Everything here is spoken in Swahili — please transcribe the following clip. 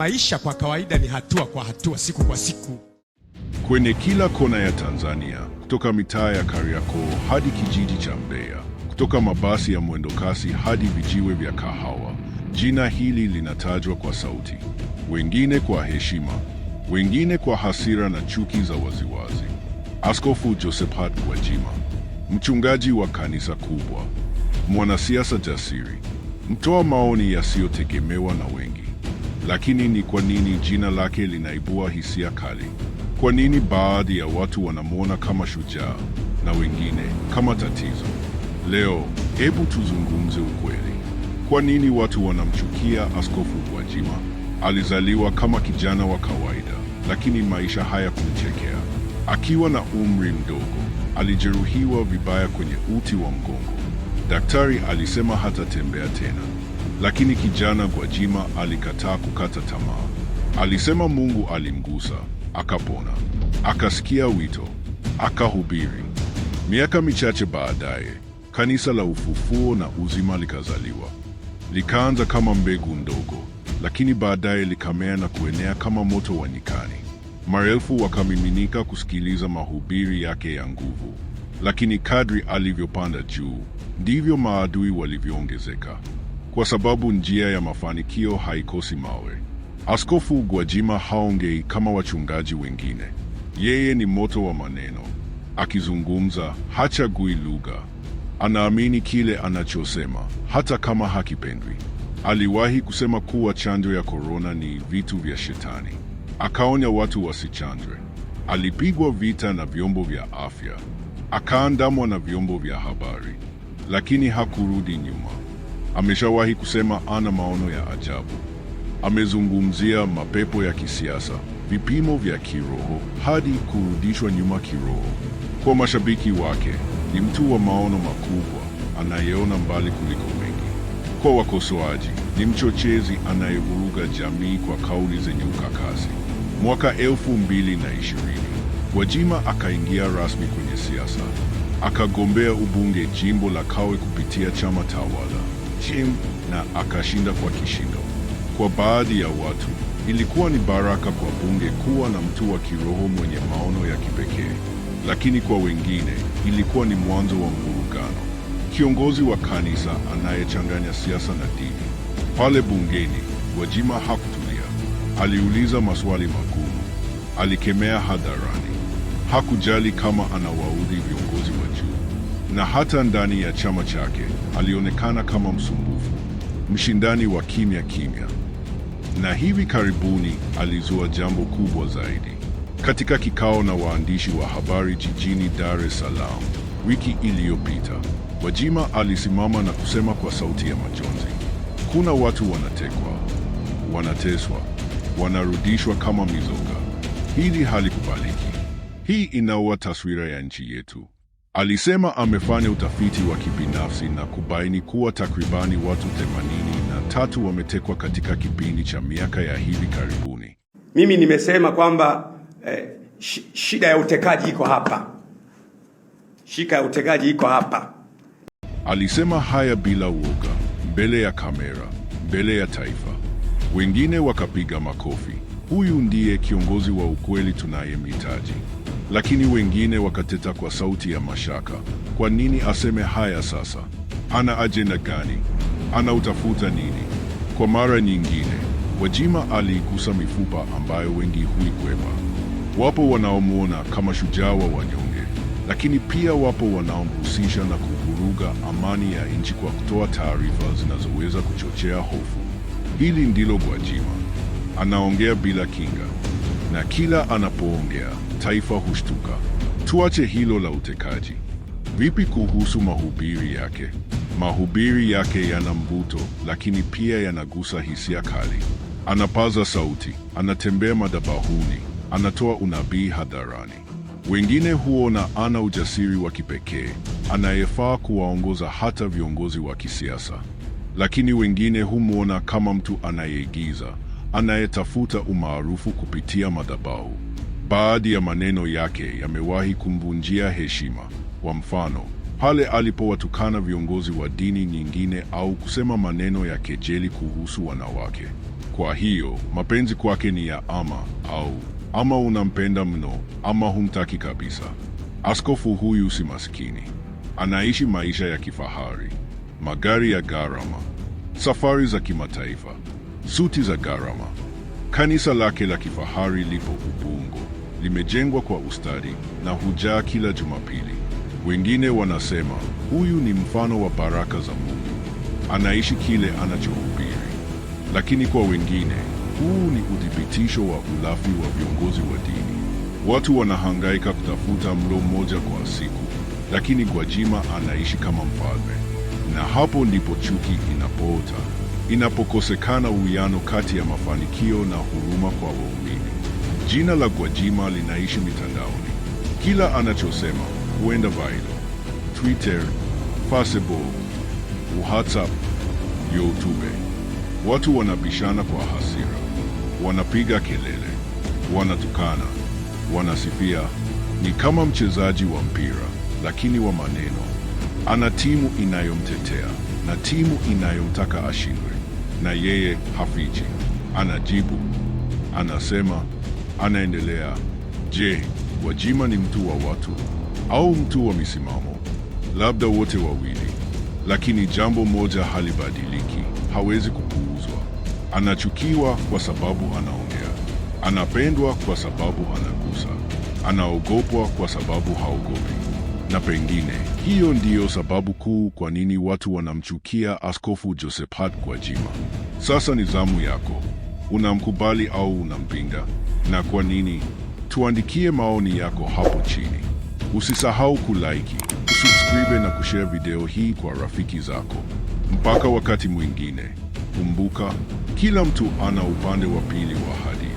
Maisha kwa kawaida ni hatua kwa hatua, siku kwa siku. Kwenye kila kona ya Tanzania, kutoka mitaa ya Kariakoo hadi kijiji cha Mbeya, kutoka mabasi ya mwendokasi hadi vijiwe vya kahawa, jina hili linatajwa kwa sauti, wengine kwa heshima, wengine kwa hasira na chuki za waziwazi. Askofu Josephat Gwajima, mchungaji wa kanisa kubwa, mwanasiasa jasiri, mtoa maoni yasiyotegemewa na wengi lakini ni kwa nini jina lake linaibua hisia kali? Kwa nini baadhi ya watu wanamwona kama shujaa na wengine kama tatizo? Leo hebu tuzungumze ukweli. Kwa nini watu wanamchukia Askofu Gwajima? Alizaliwa kama kijana wa kawaida, lakini maisha hayakumchekea. Akiwa na umri mdogo, alijeruhiwa vibaya kwenye uti wa mgongo. Daktari alisema hatatembea tena. Lakini kijana Gwajima alikataa kukata tamaa. Alisema Mungu alimgusa, akapona, akasikia wito, akahubiri. Miaka michache baadaye, kanisa la Ufufuo na Uzima likazaliwa. Likaanza kama mbegu ndogo, lakini baadaye likamea na kuenea kama moto wa nyikani. Maelfu wakamiminika kusikiliza mahubiri yake ya nguvu, lakini kadri alivyopanda juu, ndivyo maadui walivyoongezeka kwa sababu njia ya mafanikio haikosi mawe. Askofu Gwajima haongei kama wachungaji wengine. Yeye ni moto wa maneno. Akizungumza hachagui lugha, anaamini kile anachosema hata kama hakipendwi. Aliwahi kusema kuwa chanjo ya korona ni vitu vya shetani, akaonya watu wasichanjwe. Alipigwa vita na vyombo vya afya, akaandamwa na vyombo vya habari, lakini hakurudi nyuma ameshawahi kusema ana maono ya ajabu. Amezungumzia mapepo ya kisiasa, vipimo vya kiroho hadi kurudishwa nyuma kiroho. Kwa mashabiki wake, ni mtu wa maono makubwa anayeona mbali kuliko mengi Kwa wakosoaji, ni mchochezi anayevuruga jamii kwa kauli zenye ukakasi. Mwaka elfu mbili na ishirini Gwajima akaingia rasmi kwenye siasa, akagombea ubunge jimbo la Kawe kupitia chama tawala. Jim na akashinda kwa kishindo. Kwa baadhi ya watu ilikuwa ni baraka kwa bunge kuwa na mtu wa kiroho mwenye maono ya kipekee, lakini kwa wengine ilikuwa ni mwanzo wa mvurugano. Kiongozi wa kanisa anayechanganya siasa na dini. Pale bungeni, Wajima hakutulia. Aliuliza maswali magumu, alikemea hadharani, hakujali kama anawaudhi viongozi na hata ndani ya chama chake alionekana kama msumbufu, mshindani wa kimya kimya. Na hivi karibuni alizua jambo kubwa zaidi katika kikao na waandishi wa habari jijini Dar es Salaam wiki iliyopita. wajima alisimama na kusema kwa sauti ya majonzi, kuna watu wanatekwa, wanateswa, wanarudishwa kama mizoga. Hili halikubaliki. Hii inaua taswira ya nchi yetu. Alisema amefanya utafiti wa kibinafsi na kubaini kuwa takribani watu na tatu wametekwa katika kipindi cha miaka ya hivi karibuni. Mimi nimesema kwamba eh, shida ya utekaji iko hapa, shika ya utekaji iko hapa. Alisema haya bila uoga, mbele ya kamera, mbele ya taifa. Wengine wakapiga makofi. Huyu ndiye kiongozi wa ukweli tunayemhitaji. Lakini wengine wakateta kwa sauti ya mashaka, kwa nini aseme haya sasa? Ana ajenda gani? Anautafuta nini? Kwa mara nyingine, Wajima aliigusa mifupa ambayo wengi huikwepa. Wapo wanaomwona kama shujaa wa wanyonge, lakini pia wapo wanaomhusisha na kuvuruga amani ya nchi kwa kutoa taarifa zinazoweza kuchochea hofu. Hili ndilo Gwajima, anaongea bila kinga na kila anapoongea taifa hushtuka. Tuache hilo la utekaji. Vipi kuhusu mahubiri yake? Mahubiri yake yana mvuto, lakini pia yanagusa hisia kali. Anapaza sauti, anatembea madhabahuni, anatoa unabii hadharani. Wengine huona ana ujasiri wa kipekee anayefaa kuwaongoza hata viongozi wa kisiasa, lakini wengine humwona kama mtu anayeigiza anayetafuta umaarufu kupitia madhabahu. Baadhi ya maneno yake yamewahi kumvunjia heshima. Kwa mfano, pale alipowatukana viongozi wa dini nyingine au kusema maneno ya kejeli kuhusu wanawake. Kwa hiyo, mapenzi kwake ni ya ama au, ama unampenda mno ama humtaki kabisa. Askofu huyu si masikini Anaishi maisha ya kifahari, magari ya gharama, safari za kimataifa suti za gharama. Kanisa lake la kifahari lipo Ubungo, limejengwa kwa ustadi na hujaa kila Jumapili. Wengine wanasema huyu ni mfano wa baraka za Mungu, anaishi kile anachohubiri. Lakini kwa wengine huu ni uthibitisho wa ulafi wa viongozi wa dini. Watu wanahangaika kutafuta mlo mmoja kwa siku, lakini Gwajima anaishi kama mfalme, na hapo ndipo chuki inapoota. Inapokosekana uwiano kati ya mafanikio na huruma kwa waumini, jina la Gwajima linaishi mitandaoni. Kila anachosema huenda viral: Twitter, Facebook, WhatsApp, YouTube. Watu wanapishana kwa hasira, wanapiga kelele, wanatukana, wanasifia. Ni kama mchezaji wa mpira lakini wa maneno. Ana timu inayomtetea na timu inayomtaka ashindwe na yeye hafichi, anajibu, anasema, anaendelea. Je, Gwajima ni mtu wa watu au mtu wa misimamo? Labda wote wawili, lakini jambo moja halibadiliki, hawezi kupuuzwa. Anachukiwa kwa sababu anaongea, anapendwa kwa sababu anagusa, anaogopwa kwa sababu haogopi na pengine hiyo ndiyo sababu kuu kwa nini watu wanamchukia Askofu Josephat Gwajima. Sasa ni zamu yako, unamkubali au unampinga, na kwa nini? Tuandikie maoni yako hapo chini. Usisahau kulaiki, kusubscribe na kushare video hii kwa rafiki zako. Mpaka wakati mwingine, kumbuka, kila mtu ana upande wa pili wa hadithi.